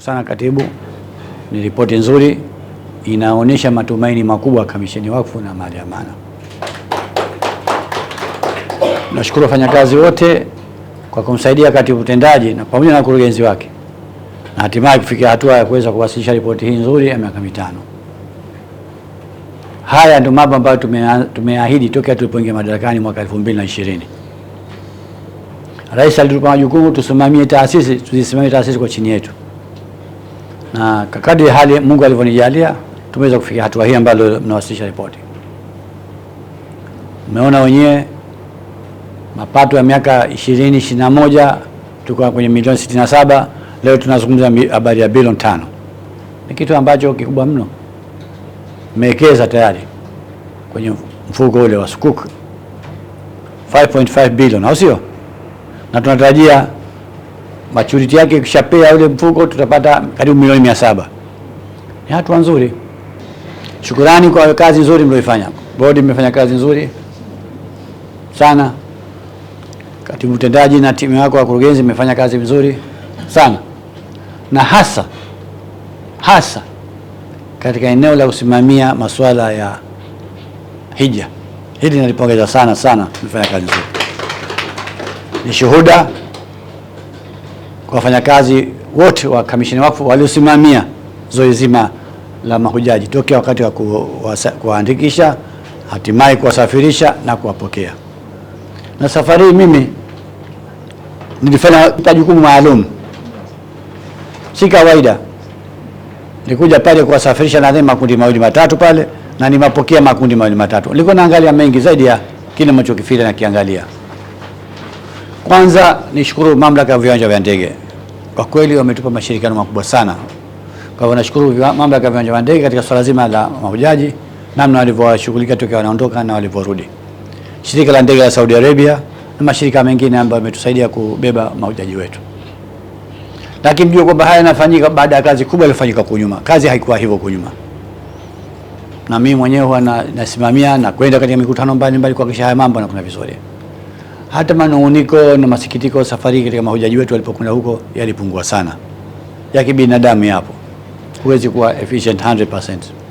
sana katibu, ni ripoti nzuri inaonyesha matumaini makubwa Kamisheni Wakfu na Mali ya Amana. Nashukuru wafanyakazi wote kwa kumsaidia katibu mtendaji na pamoja na mkurugenzi wake na hatimaye kufikia hatua ya kuweza kuwasilisha ripoti hii nzuri ya miaka mitano. Haya ndio mambo ambayo tumeahidi tokea tulipoingia madarakani mwaka 2020. Rais alitupa majukumu tusimamie taasisi tuzisimamie taasisi kwa chini yetu na kadri hali Mungu alivyonijalia tumeweza kufikia hatua hii ambayo mnawasilisha ripoti. Mmeona wenyewe mapato ya miaka 20 21 tuko kwenye milioni 67, leo tunazungumza habari ya bilioni tano. Ni kitu ambacho kikubwa mno mmewekeza tayari kwenye mfuko ule wa sukuk 5.5 bilioni, au sio? Na tunatarajia maturity yake ikishapea ule mfuko tutapata karibu milioni mia saba. Ni hatua nzuri. Shukurani kwa kazi nzuri mlioifanya. Bodi imefanya kazi nzuri sana, katibu mtendaji na timu yako ya wakurugenzi imefanya kazi nzuri sana, na hasa hasa katika eneo la kusimamia masuala ya hija. Hili nalipongeza sana sana, imefanya kazi nzuri, ni shuhuda kwa wafanyakazi wote wa kamishina wakfu waliosimamia zoezi zima la mahujaji tokea wakati wa kuwaandikisha, hatimaye kuwasafirisha na kuwapokea. Na safari mimi nilifanya jukumu maalum, si kawaida. Nilikuja pale kuwasafirisha, nadhani makundi mawili matatu pale, na nimapokea makundi mawili matatu. Nilikuwa naangalia mengi zaidi ya kile machokifiri na kiangalia kwanza nishukuru mamlaka ya viwanja vya ndege, kwa kweli wametupa mashirikiano makubwa sana. Kwa hivyo nashukuru mamlaka ya viwanja vya ndege katika swala zima la mahujaji, namna walivyowashughulika tokea wanaondoka na walivyorudi. Shirika la ndege la Saudi Arabia na mashirika mengine ambayo yametusaidia kubeba mahujaji wetu, lakini mjue kwamba haya yanafanyika baada ya kazi kubwa iliyofanyika kunyuma. Kazi haikuwa hivyo kunyuma, na mimi mwenyewe huwa nasimamia na, na kwenda katika mikutano mbalimbali kuhakikisha haya mambo yanakwenda vizuri hata manunguniko na masikitiko safari katika mahujaji wetu walipokwenda huko yalipungua sana, ya kibinadamu yapo, huwezi kuwa efficient 100%.